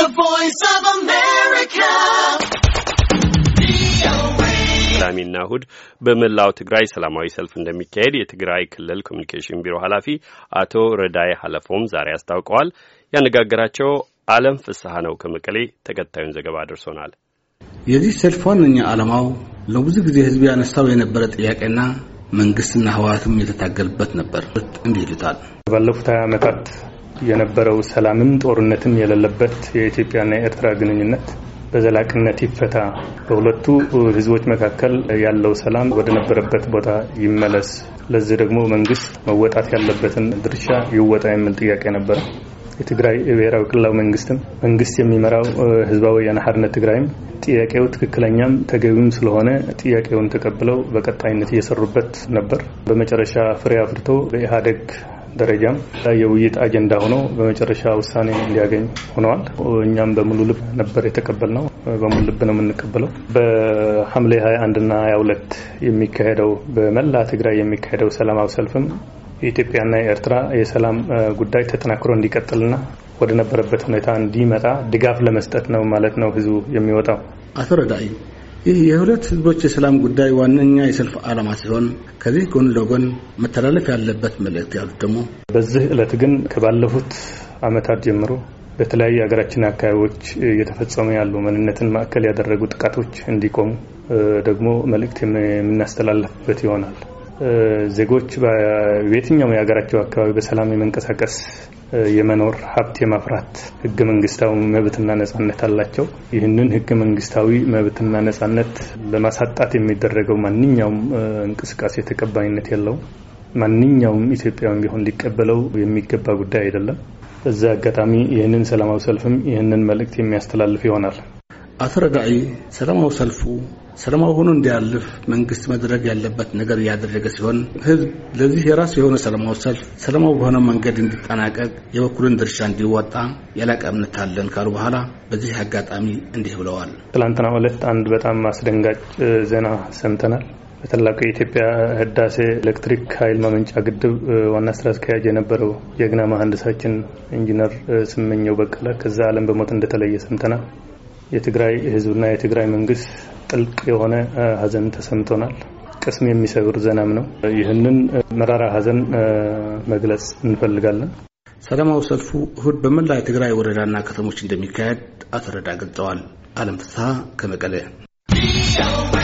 The Voice of America. ቅዳሜና እሁድ በመላው ትግራይ ሰላማዊ ሰልፍ እንደሚካሄድ የትግራይ ክልል ኮሚኒኬሽን ቢሮ ኃላፊ አቶ ረዳይ ሀለፎም ዛሬ አስታውቀዋል። ያነጋገራቸው አለም ፍስሐ ነው ከመቀሌ ተከታዩን ዘገባ አድርሶናል። የዚህ ሰልፍ ዋነኛ ዓላማው ለብዙ ጊዜ ህዝብ ያነሳው የነበረ ጥያቄና መንግስትና ህወሓትም የተታገልበት ነበር። እንዲህ ይሉታል ባለፉት ሀያ ዓመታት የነበረው ሰላምም ጦርነትም የሌለበት የኢትዮጵያና የኤርትራ ግንኙነት በዘላቅነት ይፈታ፣ በሁለቱ ህዝቦች መካከል ያለው ሰላም ወደ ነበረበት ቦታ ይመለስ፣ ለዚህ ደግሞ መንግስት መወጣት ያለበትን ድርሻ ይወጣ የሚል ጥያቄ ነበረ። የትግራይ ብሔራዊ ክልላዊ መንግስትም መንግስት የሚመራው ህዝባዊ ወያነ ሓርነት ትግራይም ጥያቄው ትክክለኛም ተገቢም ስለሆነ ጥያቄውን ተቀብለው በቀጣይነት እየሰሩበት ነበር። በመጨረሻ ፍሬ አፍርቶ በኢህአዴግ ደረጃም የውይይት አጀንዳ ሆኖ በመጨረሻ ውሳኔ እንዲያገኝ ሆነዋል። እኛም በሙሉ ልብ ነበር የተቀበልነው፣ በሙሉ ልብ ነው የምንቀበለው። በሐምሌ 21 እና 22 የሚካሄደው በመላ ትግራይ የሚካሄደው ሰላማዊ ሰልፍም የኢትዮጵያና የኤርትራ የሰላም ጉዳይ ተጠናክሮ እንዲቀጥልና ወደ ነበረበት ሁኔታ እንዲመጣ ድጋፍ ለመስጠት ነው ማለት ነው ህዝቡ የሚወጣው አቶ ረዳዩ ይህ የሁለት ህዝቦች የሰላም ጉዳይ ዋነኛ የሰልፍ ዓላማ ሲሆን ከዚህ ጎን ለጎን መተላለፍ ያለበት መልእክት ያሉት ደግሞ በዚህ ዕለት ግን ከባለፉት ዓመታት ጀምሮ በተለያዩ የሀገራችን አካባቢዎች እየተፈጸሙ ያሉ ማንነትን ማዕከል ያደረጉ ጥቃቶች እንዲቆሙ ደግሞ መልእክት የምናስተላለፍበት ይሆናል። ዜጎች በየትኛውም የሀገራቸው አካባቢ በሰላም የመንቀሳቀስ የመኖር ሀብት የማፍራት ህገ መንግስታዊ መብትና ነጻነት አላቸው። ይህንን ህገ መንግስታዊ መብትና ነጻነት ለማሳጣት የሚደረገው ማንኛውም እንቅስቃሴ ተቀባይነት የለውም። ማንኛውም ኢትዮጵያውያን ቢሆን ሊቀበለው የሚገባ ጉዳይ አይደለም። እዛ አጋጣሚ ይህንን ሰላማዊ ሰልፍም ይህንን መልእክት የሚያስተላልፍ ይሆናል። አቶ ሰላማዊ ሰልፉ ሰለማዊ ሆኖ እንዲያልፍ መንግስት መድረግ ያለበት ነገር እያደረገ ሲሆን ህዝብ ለዚህ የራሱ የሆነ ሰለማዊ ሰልፍ ሰለማዊ በሆነ መንገድ እንዲጠናቀቅ የበኩልን ድርሻ እንዲወጣ የላቀ እምነት አለን ካሉ በኋላ በዚህ አጋጣሚ እንዲህ ብለዋል። ትላንትና ዕለት አንድ በጣም አስደንጋጭ ዜና ሰምተናል። በታላቁ የኢትዮጵያ ህዳሴ ኤሌክትሪክ ኃይል ማመንጫ ግድብ ዋና ስራ አስኪያጅ የነበረው ጀግና መሐንዲሳችን ኢንጂነር ስመኘው በቀለ ከዛ ዓለም በሞት እንደተለየ ሰምተናል። የትግራይ ህዝብና የትግራይ መንግስት ጥልቅ የሆነ ሀዘን ተሰምቶናል። ቅስም የሚሰብር ዘናም ነው። ይህንን መራራ ሀዘን መግለጽ እንፈልጋለን። ሰላማዊ ሰልፉ እሁድ በመላ የትግራይ ወረዳና ከተሞች እንደሚካሄድ አቶ ረዳ ገልጸዋል። አለም ፍስሐ ከመቀለ